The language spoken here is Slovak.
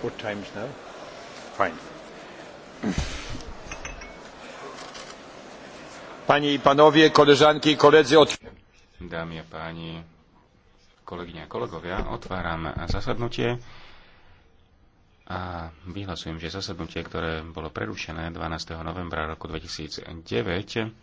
Dámy a páni, kolegyne a kolegovia, otváram zasadnutie a vyhlasujem, že zasadnutie, ktoré bolo prerušené 12. novembra roku 2009,